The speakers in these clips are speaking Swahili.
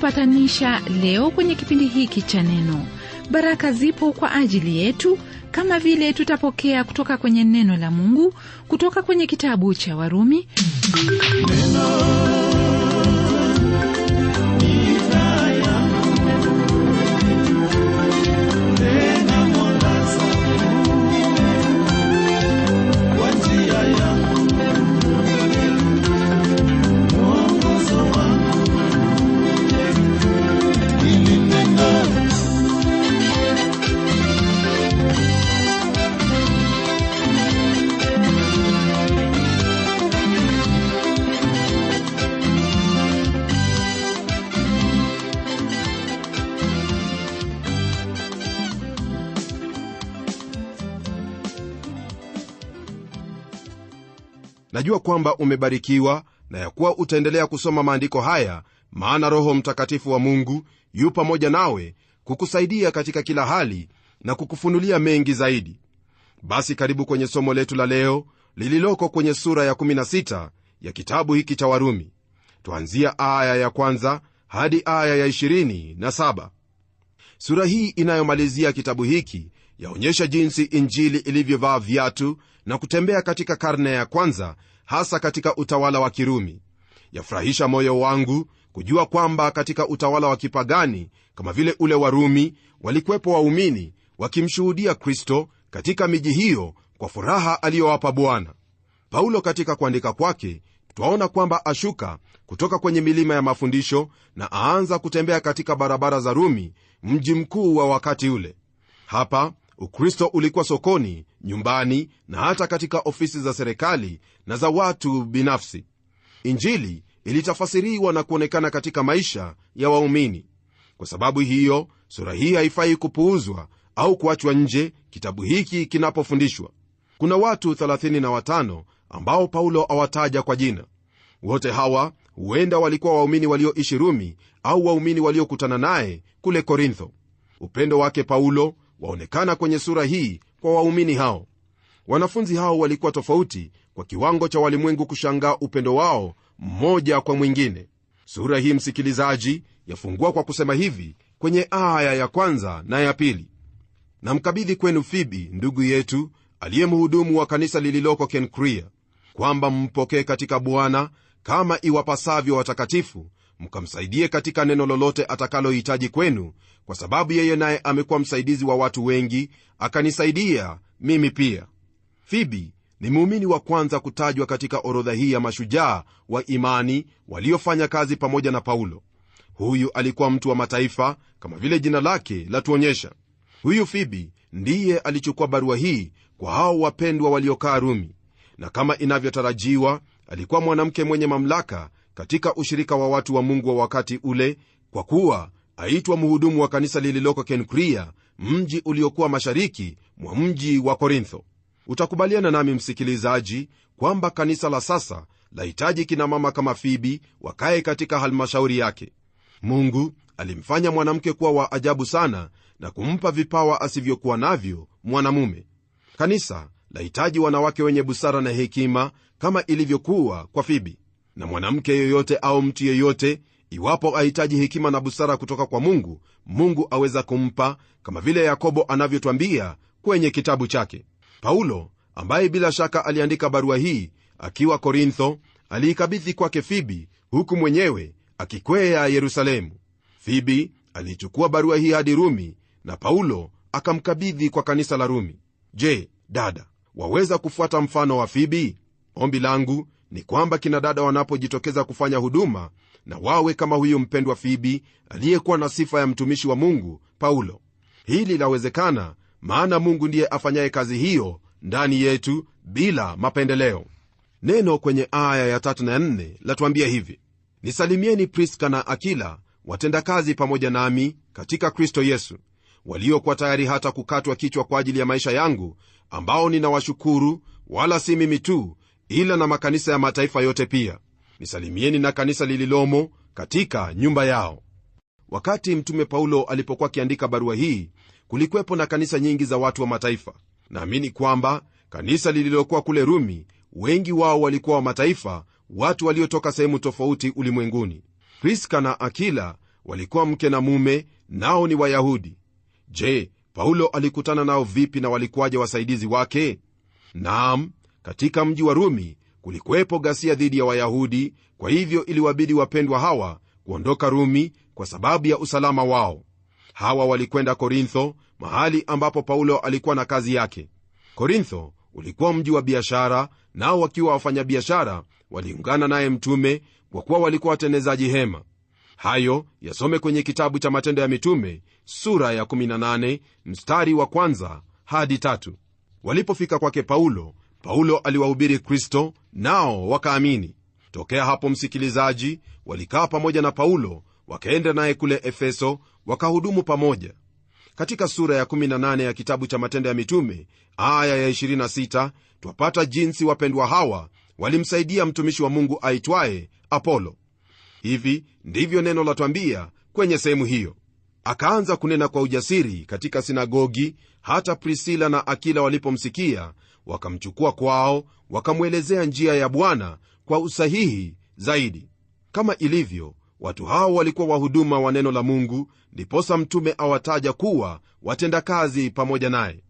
kutupatanisha leo kwenye kipindi hiki cha neno. Baraka zipo kwa ajili yetu kama vile tutapokea kutoka kwenye neno la Mungu kutoka kwenye kitabu cha Warumi neno. najua kwamba umebarikiwa na ya kuwa utaendelea kusoma maandiko haya maana roho mtakatifu wa mungu yu pamoja nawe kukusaidia katika kila hali na kukufunulia mengi zaidi basi karibu kwenye somo letu la leo lililoko kwenye sura ya 16 ya kitabu hiki cha warumi twanzia aya ya kwanza hadi aya ya 27 sura hii inayomalizia kitabu hiki yaonyesha jinsi injili ilivyovaa viatu na kutembea katika karne ya kwanza hasa katika utawala wa kirumi yafurahisha moyo wangu kujua kwamba katika utawala wa kipagani kama vile ule wa rumi walikuwepo waumini wakimshuhudia kristo katika miji hiyo kwa furaha aliyowapa bwana paulo katika kuandika kwake twaona kwamba ashuka kutoka kwenye milima ya mafundisho na aanza kutembea katika barabara za rumi mji mkuu wa wakati ule hapa ukristo ulikuwa sokoni nyumbani na hata katika ofisi za serikali na za watu binafsi injili ilitafasiriwa na kuonekana katika maisha ya waumini kwa sababu hiyo sura hii haifai kupuuzwa au kuachwa nje kitabu hiki kinapofundishwa kuna watu 35 ambao paulo awataja kwa jina wote hawa huenda walikuwa waumini walioishi rumi au waumini waliokutana naye kule korintho upendo wake paulo waonekana kwenye sura hii kwa waumini hao wanafunzi hao walikuwa tofauti kwa kiwango cha walimwengu kushangaa upendo wao mmoja kwa mwingine sura hii msikilizaji yafungua kwa kusema hivi kwenye aya ya kwanza na ya pili namkabidhi kwenu fibi ndugu yetu aliye mhudumu wa kanisa lililoko kenkria kwamba mmpokee katika bwana kama iwapasavyo watakatifu mkamsaidie katika neno lolote atakalohitaji kwenu kwa sababu yeye naye amekuwa msaidizi wa watu wengi akanisaidia mimi pia fibi ni muumini wa kwanza kutajwa katika orodha hii ya mashujaa wa imani waliofanya kazi pamoja na paulo huyu alikuwa mtu wa mataifa kama vile jina lake latuonyesha huyu fibi ndiye alichukua barua hii kwa hao wapendwa waliokaa rumi na kama inavyotarajiwa alikuwa mwanamke mwenye mamlaka katika ushirika wa watu wa mungu wa wakati ule kwa kuwa aitwa mhudumu wa kanisa lililoko kenkria mji uliokuwa mashariki mwa mji wa korintho utakubaliana nami msikilizaji kwamba kanisa la sasa lahitaji kinamama kama fibi wakaye katika halmashauri yake mungu alimfanya mwanamke kuwa wa ajabu sana na kumpa vipawa asivyokuwa navyo mwanamume kanisa lahitaji wanawake wenye busara na hekima kama ilivyokuwa kwa fibi na mwanamke yoyote au mtu yeyote iwapo ahitaji hekima na busara kutoka kwa mungu mungu aweza kumpa kama vile yakobo anavyotwambia kwenye kitabu chake paulo ambaye bila shaka aliandika barua hii akiwa korintho aliikabidhi kwake fibi huku mwenyewe akikwea yerusalemu fibi aliichukua barua hii hadi rumi na paulo akamkabidhi kwa kanisa la rumi je dada waweza kufuata mfano wa fibi ombi langu ni kwamba kina dada wanapojitokeza kufanya huduma na wawe kama huyu mpendwa fibi aliyekuwa na sifa ya mtumishi wa mungu paulo hili lawezekana maana mungu ndiye afanyaye kazi hiyo ndani yetu bila mapendeleo neno kwenye aya ya tatu na nne latuambia hivi nisalimieni priska na akila watendakazi pamoja nami katika kristo yesu waliokuwa tayari hata kukatwa kichwa kwa ajili ya maisha yangu ambao ninawashukuru wala si mimi tu ila na makanisa ya mataifa yote pia. Nisalimieni na kanisa lililomo katika nyumba yao. Wakati Mtume Paulo alipokuwa akiandika barua hii, kulikwepo na kanisa nyingi za watu wa mataifa. Naamini kwamba kanisa lililokuwa kule Rumi, wengi wao walikuwa wa mataifa, watu waliotoka sehemu tofauti ulimwenguni. Priska na Akila walikuwa mke na mume, nao ni Wayahudi. Je, Paulo alikutana nao vipi na walikuwaje wasaidizi wake? Naam, katika mji wa Rumi kulikuwepo ghasia dhidi ya Wayahudi, kwa hivyo iliwabidi wapendwa hawa kuondoka Rumi kwa sababu ya usalama wao. Hawa walikwenda Korintho, mahali ambapo Paulo alikuwa na kazi yake. Korintho ulikuwa mji wa biashara, nao wakiwa wafanyabiashara waliungana naye mtume kwa kuwa walikuwa watenezaji hema. Hayo yasome kwenye kitabu cha Matendo ya Mitume sura ya 18 mstari wa kwanza hadi tatu. Walipofika kwake Paulo, paulo aliwahubiri kristo nao wakaamini tokea hapo msikilizaji walikaa pamoja na paulo wakaenda naye kule efeso wakahudumu pamoja katika sura ya 18 ya kitabu cha matendo ya mitume aya ya 26 twapata jinsi wapendwa hawa walimsaidia mtumishi wa mungu aitwaye apolo hivi ndivyo neno latwambia kwenye sehemu hiyo akaanza kunena kwa ujasiri katika sinagogi hata prisila na akila walipomsikia wakamchukua kwao wakamwelezea njia ya bwana kwa usahihi zaidi kama ilivyo watu hao walikuwa wahuduma wa neno la mungu ndiposa mtume awataja kuwa watendakazi pamoja naye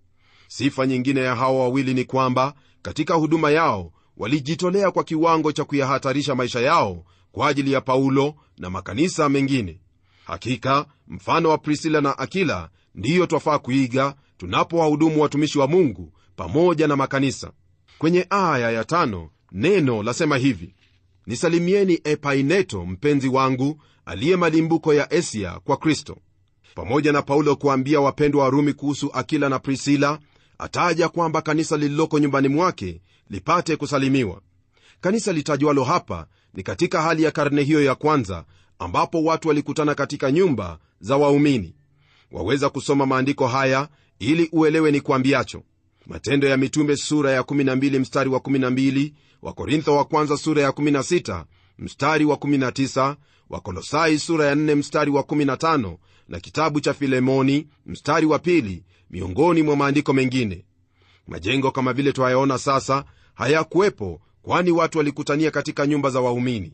sifa nyingine ya hawa wawili ni kwamba katika huduma yao walijitolea kwa kiwango cha kuyahatarisha maisha yao kwa ajili ya paulo na makanisa mengine hakika mfano wa prisila na akila ndiyo twafaa kuiga tunapowahudumu watumishi wa mungu pamoja na makanisa kwenye aya ya tano neno lasema hivi nisalimieni epaineto mpenzi wangu aliye malimbuko ya asia kwa kristo pamoja na paulo kuambia wapendwa warumi kuhusu akila na prisila ataja kwamba kanisa lililoko nyumbani mwake lipate kusalimiwa kanisa litajwalo hapa ni katika hali ya karne hiyo ya kwanza ambapo watu walikutana katika nyumba za waumini waweza kusoma maandiko haya ili uelewe ni kuambiacho matendo ya mitume sura ya 12 mstari wa 12 wakorintho wa kwanza sura ya 16 mstari wa 19 wakolosai sura ya 4 mstari wa 15 na kitabu cha filemoni mstari wa pili miongoni mwa maandiko mengine majengo kama vile twayaona sasa hayakuwepo kwani watu walikutania katika nyumba za waumini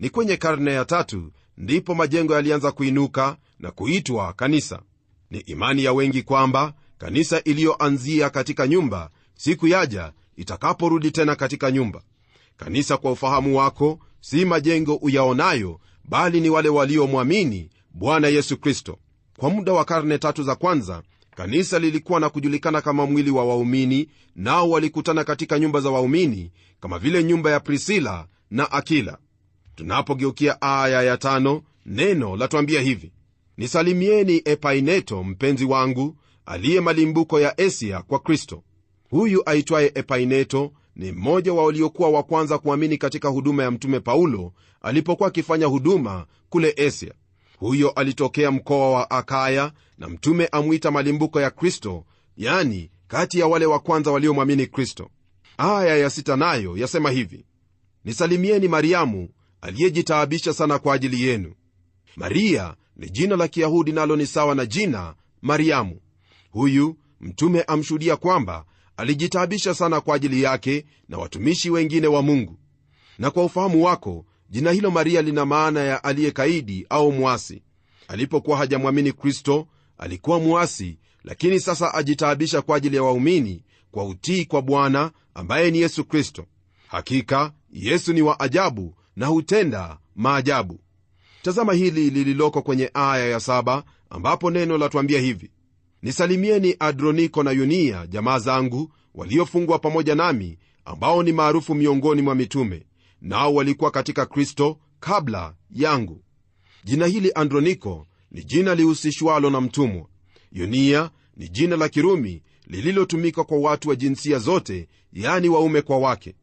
ni kwenye karne ya tatu ndipo majengo yalianza kuinuka na kuitwa kanisa ni imani ya wengi kwamba kanisa iliyoanzia katika nyumba siku yaja itakaporudi tena katika nyumba kanisa kwa ufahamu wako si majengo uyaonayo bali ni wale waliomwamini bwana yesu kristo kwa muda wa karne tatu za kwanza kanisa lilikuwa na kujulikana kama mwili wa waumini nao walikutana katika nyumba za waumini kama vile nyumba ya prisila na akila tunapogeukia aya ya tano neno latwambia hivi nisalimieni epaineto mpenzi wangu aliye malimbuko ya asia kwa kristo huyu aitwaye epaineto ni mmoja wa waliokuwa wa kwanza kuamini katika huduma ya mtume paulo alipokuwa akifanya huduma kule asia huyo alitokea mkoa wa akaya na mtume amwita malimbuko ya kristo yani kati ya wale wa kwanza waliomwamini kristo aya ya sita nayo yasema hivi nisalimieni mariamu aliyejitaabisha sana kwa ajili yenu maria ni jina la kiyahudi nalo ni sawa na jina mariamu huyu mtume amshuhudia kwamba alijitaabisha sana kwa ajili yake na watumishi wengine wa mungu na kwa ufahamu wako jina hilo maria lina maana ya aliyekaidi au mwasi alipokuwa hajamwamini kristo alikuwa mwasi lakini sasa ajitaabisha kwa ajili ya waumini kwa utii kwa bwana ambaye ni yesu kristo hakika yesu ni wa ajabu na hutenda maajabu tazama hili lililoko kwenye aya ya 7 ambapo neno latwambia hivi nisalimieni adroniko na yunia jamaa zangu waliofungwa pamoja nami ambao ni maarufu miongoni mwa mitume nao walikuwa katika kristo kabla yangu jina hili androniko ni jina lihusishwalo na mtumwa yunia ni jina la kirumi lililotumika kwa watu wa jinsia zote yani waume kwa wake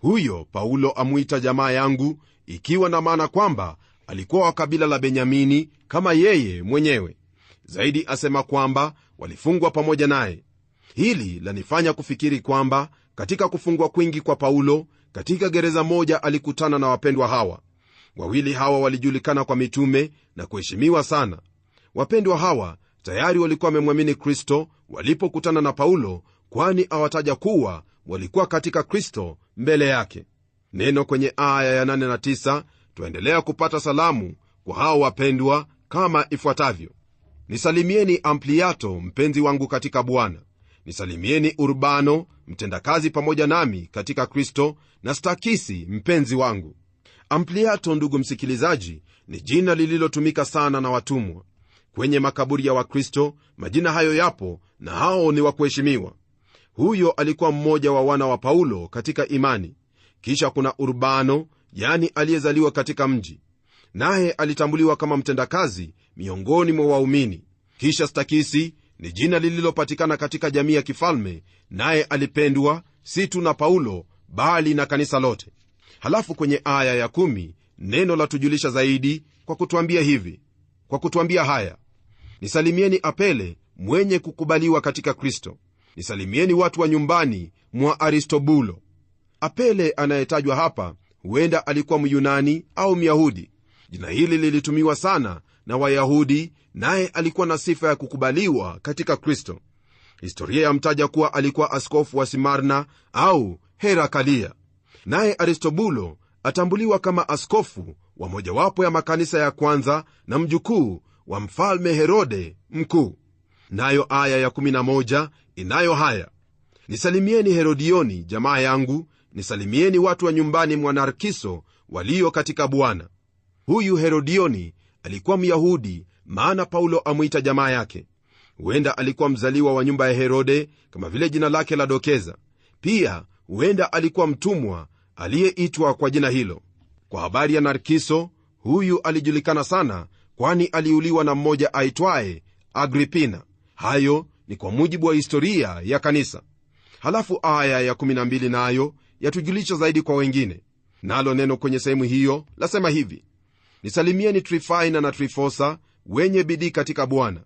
huyo paulo amwita jamaa yangu ikiwa na maana kwamba alikuwa wa kabila la benyamini kama yeye mwenyewe zaidi asema kwamba walifungwa pamoja naye hili lanifanya kufikiri kwamba katika kufungwa kwingi kwa paulo katika gereza moja alikutana na wapendwa hawa wawili hawa walijulikana kwa mitume na kuheshimiwa sana wapendwa hawa tayari walikuwa wamemwamini kristo walipokutana na paulo kwani awataja kuwa walikuwa katika kristo mbele yake neno kwenye aya ya 8 na 9 twaendelea kupata salamu kwa hawa wapendwa kama ifuatavyo nisalimieni ampliato mpenzi wangu katika bwana nisalimieni urbano mtendakazi pamoja nami katika kristo na stakisi mpenzi wangu ampliato ndugu msikilizaji ni jina lililotumika sana na watumwa kwenye makaburi ya wakristo majina hayo yapo na hao ni wa kuheshimiwa huyo alikuwa mmoja wa wana wa paulo katika imani kisha kuna urbano yani aliyezaliwa katika mji naye alitambuliwa kama mtendakazi miongoni mwa waumini kisha stakisi ni jina lililopatikana katika jamii ya kifalme naye alipendwa si tu na paulo bali na kanisa lote halafu kwenye aya ya 1 neno la tujulisha zaidi kwa kutwambia hivi kwa kutwambia haya nisalimieni apele mwenye kukubaliwa katika kristo nisalimieni watu wa nyumbani mwa aristobulo apele anayetajwa hapa huenda alikuwa myunani au myahudi jina hili lilitumiwa sana na wayahudi naye alikuwa na sifa ya kukubaliwa katika kristo historia yamtaja kuwa alikuwa askofu wa simarna au herakalia naye aristobulo atambuliwa kama askofu wa mojawapo ya makanisa ya kwanza na mjukuu wa mfalme herode mkuu nayo aya ya11 inayo haya nisalimieni herodioni jamaa yangu nisalimieni watu wa nyumbani mwa narkiso walio katika bwana huyu herodioni alikuwa myahudi maana paulo amwita jamaa yake huenda alikuwa mzaliwa wa nyumba ya herode kama vile jina lake ladokeza pia huenda alikuwa mtumwa aliyeitwa kwa jina hilo kwa habari ya narkiso huyu alijulikana sana kwani aliuliwa na mmoja aitwaye agripina hayo ni kwa mujibu wa historia ya kanisa halafu aya ya12 nayo yatujulisha zaidi kwa wengine nalo neno kwenye sehemu hiyo lasema hivi nisalimieni trifaina na trifosa wenye bidii katika bwana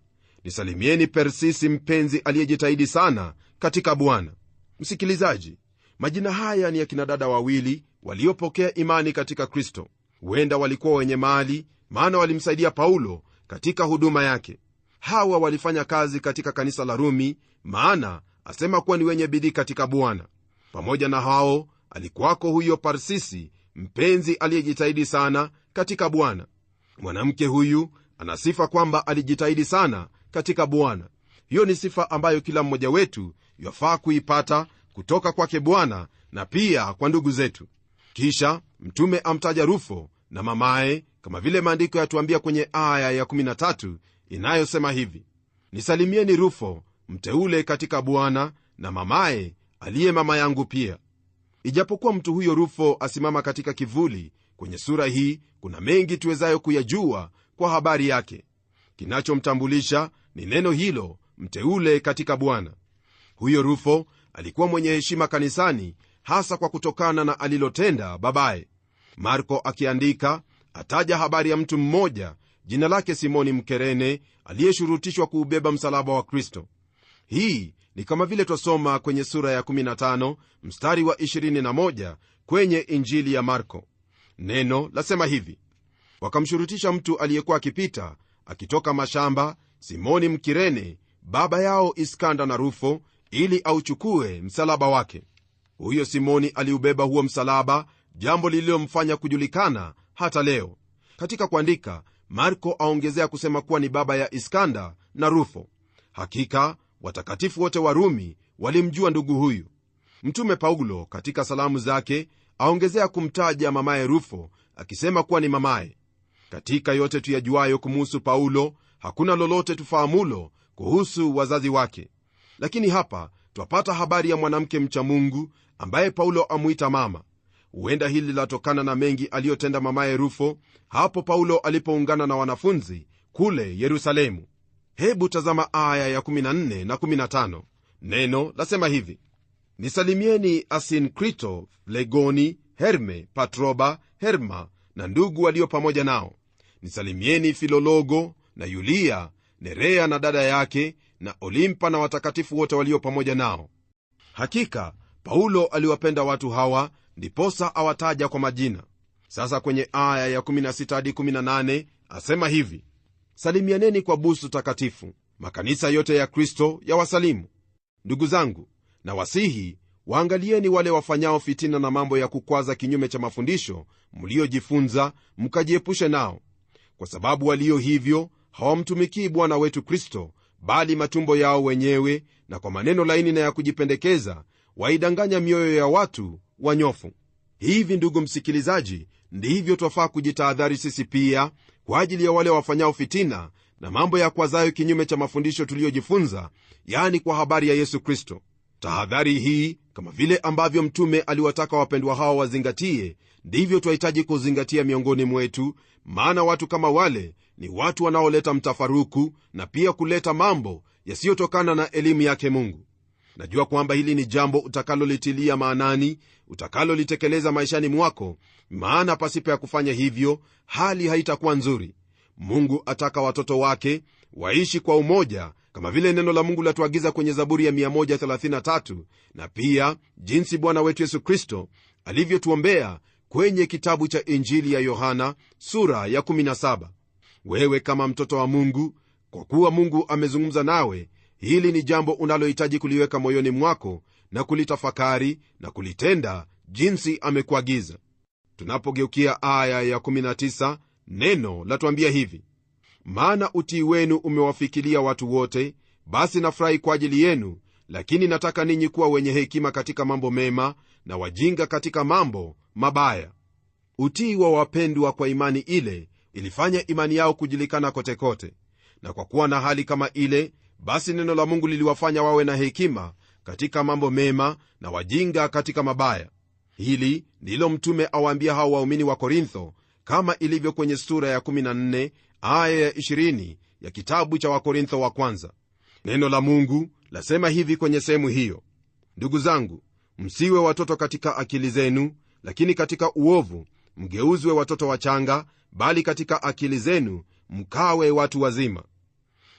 nisalimieni persisi mpenzi aliyejitahidi sana katika bwana msikilizaji majina haya ni ya kinadada wawili waliopokea imani katika kristo huenda walikuwa wenye mali maana walimsaidia paulo katika huduma yake hawa walifanya kazi katika kanisa la rumi maana asema kuwa ni wenye bidii katika bwana pamoja na hao alikuwako huyo parsisi mpenzi aliyejitahidi sana katika bwana mwanamke huyu ana sifa kwamba alijitahidi sana katika bwana hiyo ni sifa ambayo kila mmoja wetu yafaa kuipata kutoka kwake bwana na pia kwa ndugu zetu kisha mtume amtaja rufo na mamaye kama vile maandiko yatuambia kwenye aya ya 13 inayosema hivi nisalimieni rufo mteule katika bwana na mamaye aliye mama yangu pia ijapokuwa mtu huyo rufo asimama katika kivuli kwenye sura hii kuna mengi tuwezayo kuyajua kwa habari yake kinachomtambulisha ni neno hilo mteule katika bwana huyo rufo alikuwa mwenye heshima kanisani hasa kwa kutokana na alilotenda babaye marko akiandika ataja habari ya mtu mmoja jina lake simoni mkerene aliyeshurutishwa kuubeba msalaba wa kristo hii ni kama vile twasoma kwenye sura ya 15 mstari wa 21 kwenye injili ya marko neno lasema hivi wakamshurutisha mtu aliyekuwa akipita akitoka mashamba simoni mkirene baba yao iskanda na rufo ili auchukue msalaba wake huyo simoni aliubeba huo msalaba jambo lililomfanya kujulikana hata leo katika kuandika marko aongezea kusema kuwa ni baba ya iskanda na rufo hakika watakatifu wote wa rumi walimjua ndugu huyu mtume paulo katika salamu zake aongezea kumtaja mamaye rufo akisema kuwa ni mamaye katika yote tuyajuayo kumuhusu paulo hakuna lolote tufahamulo kuhusu wazazi wake lakini hapa twapata habari ya mwanamke mcha mungu ambaye paulo amwita mama huenda hili linatokana na mengi aliyotenda mamaye rufo hapo paulo alipoungana na wanafunzi kule yerusalemu hebu tazama aya ya 14 na 15 neno lasema hivi nisalimieni asinkrito flegoni herme patroba herma na ndugu walio pamoja nao nisalimieni filologo na yulia nerea na dada yake na olimpa na watakatifu wote walio pamoja nao hakika paulo aliwapenda watu hawa ndiposa awataja kwa majina sasa kwenye aya ya 16 hadi 18 asema hivi salimianeni kwa busu takatifu makanisa yote ya kristo yawasalimu ndugu zangu na wasihi waangalieni wale wafanyao fitina na mambo ya kukwaza kinyume cha mafundisho mliojifunza mkajiepushe nao kwa sababu walio hivyo hawamtumikii bwana wetu kristo bali matumbo yao wenyewe na kwa maneno laini na ya kujipendekeza waidanganya mioyo ya watu wanyofu hivi ndugu msikilizaji ndivyo twafaa kujitahadhari sisi pia kwa ajili ya wale wafanyao fitina na mambo ya kwazayo kinyume cha mafundisho tuliyojifunza yani kwa habari ya yesu kristo tahadhari hii kama vile ambavyo mtume aliwataka wapendwa hawo wazingatie ndivyo twahitaji kuzingatia miongoni mwetu maana watu kama wale ni watu wanaoleta mtafaruku na pia kuleta mambo yasiyotokana na elimu yake mungu najua kwamba hili ni jambo utakalolitilia maanani utakalolitekeleza maishani mwako maana pasipo ya kufanya hivyo hali haitakuwa nzuri mungu ataka watoto wake waishi kwa umoja kama vile neno la mungu latuagiza kwenye zaburi ya 133 na pia jinsi bwana wetu yesu kristo alivyotuombea kwenye kitabu cha injili ya yohana sura ya 17 wewe kama mtoto wa mungu kwa kuwa mungu amezungumza nawe hili ni jambo unalohitaji kuliweka moyoni mwako na kulitafakari na kulitenda jinsi amekuagiza tunapogeukia aya ya 19 neno latuambia hivi maana utii wenu umewafikilia watu wote basi nafurahi kwa ajili yenu lakini nataka ninyi kuwa wenye hekima katika mambo mema na wajinga katika mambo mabaya utii wa wapendwa kwa imani ile ilifanya imani yao kujulikana kotekote na kwa kuwa na hali kama ile basi neno la mungu liliwafanya wawe na hekima katika mambo mema na wajinga katika mabaya hili ndilo mtume awaambia hao waumini wa korintho kama ilivyo kwenye sura ya aya ya 20 ya kitabu cha wakorintho wa kwanza neno la mungu lasema hivi kwenye sehemu hiyo ndugu zangu msiwe watoto katika akili zenu lakini katika uovu mgeuzwe watoto wachanga bali katika akili zenu mkawe watu wazima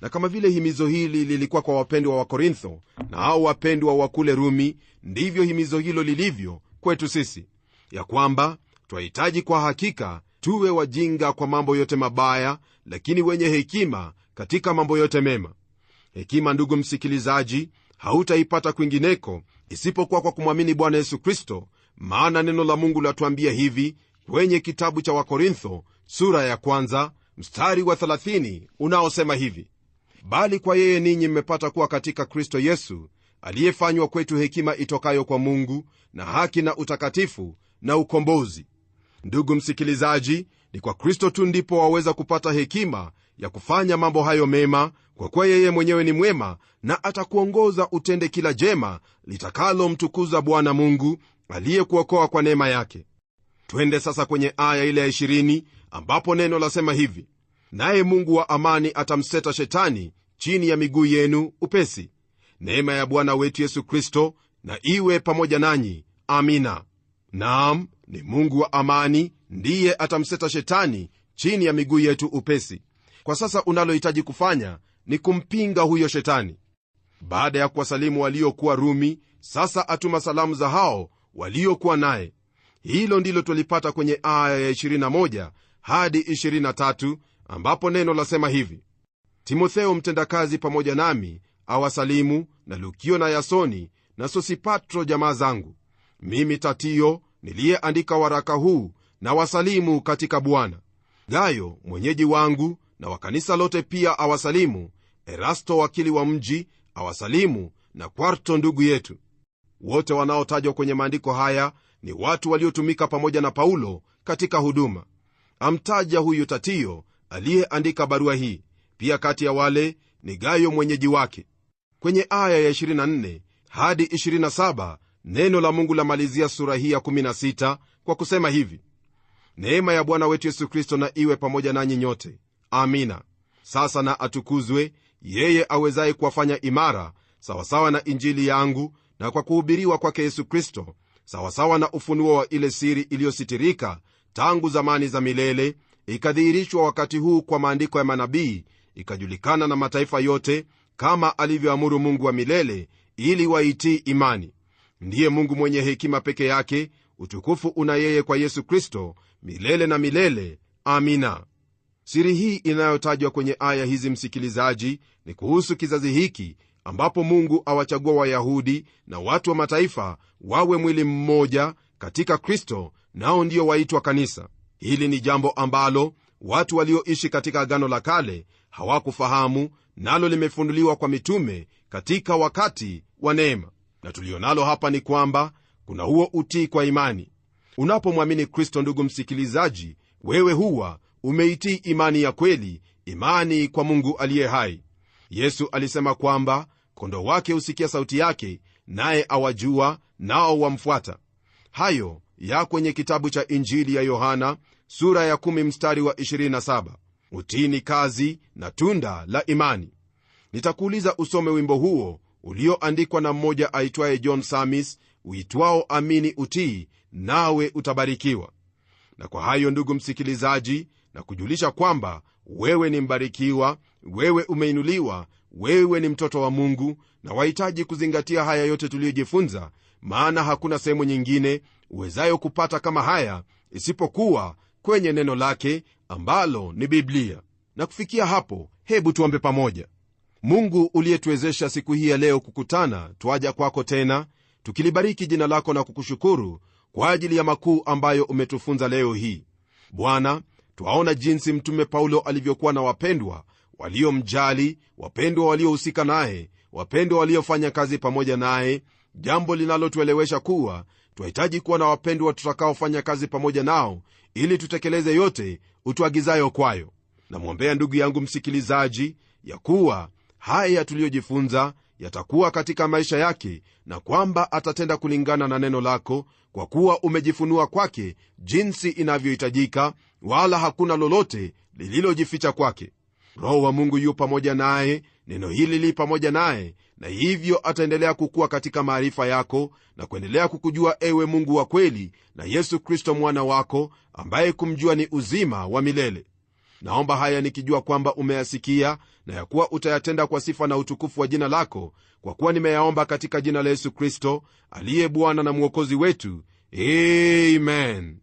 na kama vile himizo hili lilikuwa kwa wapendwa wa korintho na au wapendwa wa kule rumi ndivyo himizo hilo lilivyo kwetu sisi ya kwamba twahitaji kwa hakika tuwe wajinga kwa mambo yote mabaya lakini wenye hekima katika mambo yote mema hekima ndugu msikilizaji hautaipata kwingineko isipokuwa kwa kumwamini bwana yesu kristo maana neno la mungu latuambia hivi kwenye kitabu cha wakorintho sura ya kwanza mstari wa 30 unaosema hivi bali kwa yeye ninyi mmepata kuwa katika kristo yesu aliyefanywa kwetu hekima itokayo kwa mungu na haki na utakatifu na ukombozi ndugu msikilizaji ni kwa kristo tu ndipo waweza kupata hekima ya kufanya mambo hayo mema kwa kuwa yeye mwenyewe ni mwema na atakuongoza utende kila jema litakalomtukuza bwana mungu aliyekuokoa kwa neema yake twende sasa kwenye aya ile ya 20 ambapo neno lasema hivi naye mungu wa amani atamseta shetani chini ya miguu yenu upesi neema ya bwana wetu yesu kristo na iwe pamoja nanyi amina naam ni mungu wa amani ndiye atamseta shetani chini ya miguu yetu upesi kwa sasa unalohitaji kufanya ni kumpinga huyo shetani baada ya kuwasalimu waliokuwa rumi sasa atuma salamu za hao waliokuwa naye hilo ndilo twalipata kwenye aya ya 21 hadi 23 ambapo neno lasema hivi timotheo mtendakazi pamoja nami awasalimu na lukio na yasoni na sosipatro jamaa zangu mimi Tatio niliyeandika waraka huu na wasalimu katika Bwana. Gayo mwenyeji wangu na wakanisa lote pia awasalimu. Erasto wakili wa mji awasalimu, na Kwarto ndugu yetu. Wote wanaotajwa kwenye maandiko haya ni watu waliotumika pamoja na Paulo katika huduma. Amtaja huyu Tatio aliyeandika barua hii. Pia kati ya wale ni Gayo mwenyeji wake. Kwenye aya ya 24 hadi 27 neno la mungu malizia sura hii ya 16 kwa kusema hivi neema ya bwana wetu yesu kristo na iwe pamoja nanyi nyote amina sasa na atukuzwe yeye awezaye kuwafanya imara sawasawa na injili yangu na kwa kuhubiriwa kwake yesu kristo sawasawa na ufunuo wa ile siri iliyositirika tangu zamani za milele ikadhihirishwa wakati huu kwa maandiko ya manabii ikajulikana na mataifa yote kama alivyoamuru mungu wa milele ili waitii imani ndiye mungu mwenye hekima peke yake utukufu una yeye kwa yesu kristo milele na milele amina siri hii inayotajwa kwenye aya hizi msikilizaji ni kuhusu kizazi hiki ambapo mungu awachagua wayahudi na watu wa mataifa wawe mwili mmoja katika kristo nao ndio waitwa kanisa hili ni jambo ambalo watu walioishi katika agano la kale hawakufahamu nalo limefunuliwa kwa mitume katika wakati wa neema na tulionalo hapa ni kwamba kuna huo utii kwa imani unapomwamini kristo ndugu msikilizaji wewe huwa umeitii imani ya kweli imani kwa mungu aliye hai yesu alisema kwamba kondo wake husikia sauti yake naye awajua nao wamfuata hayo ya kwenye kitabu cha injili ya yohana sura ya 10 mstari wa 27 utii ni kazi na tunda la imani nitakuuliza usome wimbo huo ulioandikwa na mmoja aitwaye John Samis uitwao Amini Utii, nawe utabarikiwa. Na kwa hayo, ndugu msikilizaji, na kujulisha kwamba wewe ni mbarikiwa, wewe umeinuliwa, wewe ni mtoto wa Mungu, na wahitaji kuzingatia haya yote tuliyojifunza, maana hakuna sehemu nyingine uwezayo kupata kama haya isipokuwa kwenye neno lake ambalo ni Biblia. Na kufikia hapo, hebu tuombe pamoja mungu uliyetuwezesha siku hii ya leo kukutana twaja kwako tena tukilibariki jina lako na kukushukuru kwa ajili ya makuu ambayo umetufunza leo hii bwana twaona jinsi mtume paulo alivyokuwa na wapendwa waliomjali wapendwa waliohusika naye wapendwa waliofanya kazi pamoja naye jambo linalotuelewesha kuwa twahitaji kuwa na wapendwa tutakaofanya kazi pamoja nao ili tutekeleze yote utuagizayo kwayo namwombea ndugu yangu msikilizaji ya kuwa haya tuliyojifunza yatakuwa katika maisha yake na kwamba atatenda kulingana na neno lako kwa kuwa umejifunua kwake jinsi inavyohitajika wala hakuna lolote lililojificha kwake roho wa mungu yu pamoja naye neno hili li pamoja naye na hivyo ataendelea kukuwa katika maarifa yako na kuendelea kukujua ewe mungu wa kweli na yesu kristo mwana wako ambaye kumjua ni uzima wa milele naomba haya nikijua kwamba umeyasikia na ya kuwa utayatenda kwa sifa na utukufu wa jina lako kwa kuwa nimeyaomba katika jina la yesu kristo aliye bwana na mwokozi wetu amen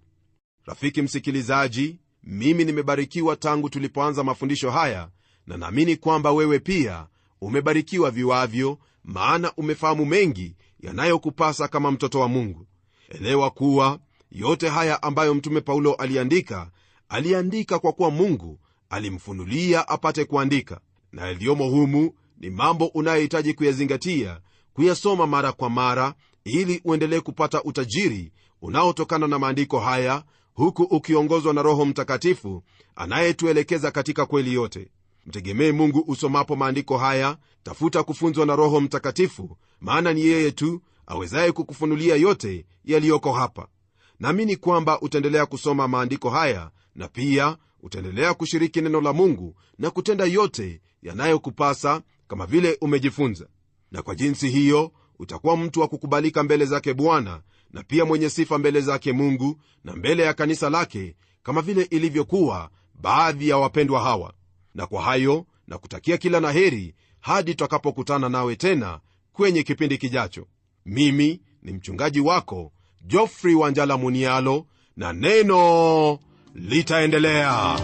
rafiki msikilizaji mimi nimebarikiwa tangu tulipoanza mafundisho haya na naamini kwamba wewe pia umebarikiwa viwavyo maana umefahamu mengi yanayokupasa kama mtoto wa mungu elewa kuwa yote haya ambayo mtume paulo aliandika aliandika kwa kuwa mungu alimfunulia apate kuandika na yaliyomo humu ni mambo unayohitaji kuyazingatia kuyasoma mara kwa mara ili uendelee kupata utajiri unaotokana na maandiko haya huku ukiongozwa na roho mtakatifu anayetuelekeza katika kweli yote mtegemee mungu usomapo maandiko haya tafuta kufunzwa na roho mtakatifu maana ni yeye tu awezaye kukufunulia yote yaliyoko hapa naamini kwamba utaendelea kusoma maandiko haya na pia utaendelea kushiriki neno la mungu na kutenda yote yanayokupasa kama vile umejifunza na kwa jinsi hiyo utakuwa mtu wa kukubalika mbele zake bwana na pia mwenye sifa mbele zake mungu na mbele ya kanisa lake kama vile ilivyokuwa baadhi ya wapendwa hawa na kwa hayo na kutakia kila na heri hadi twakapokutana nawe tena kwenye kipindi kijacho mimi ni mchungaji wako jofrey wanjala munialo na neno litaendelea.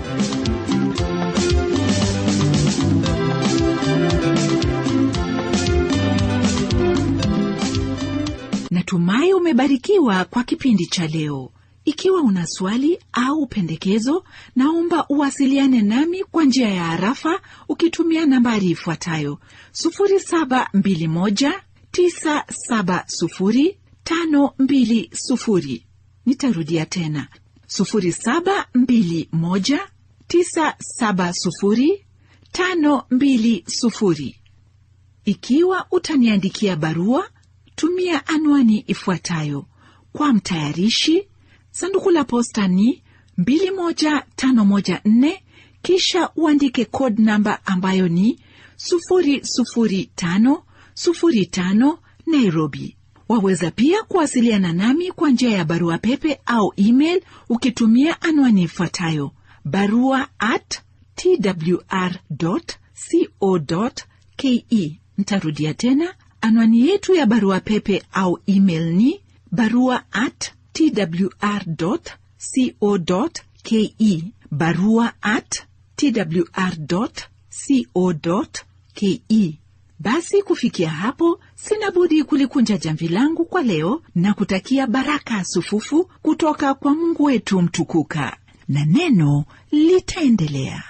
Natumai umebarikiwa kwa kipindi cha leo. Ikiwa una swali au pendekezo, naomba uwasiliane nami kwa njia ya harafa ukitumia nambari ifuatayo 0721970520. Nitarudia tena 0721970520. Ikiwa utaniandikia barua, tumia anwani ifuatayo: kwa mtayarishi, sanduku la posta ni 21514, kisha uandike code namba ambayo ni 00505 Nairobi. Waweza pia kuwasiliana nami kwa njia ya barua pepe au email ukitumia anwani ifuatayo barua at twr.co.ke. Ntarudia tena anwani yetu ya barua pepe au email ni barua at twr.co.ke, barua at Basi kufikia hapo Sina budi kulikunja jamvi langu kwa leo na kutakia baraka sufufu kutoka kwa Mungu wetu mtukuka, na neno litaendelea.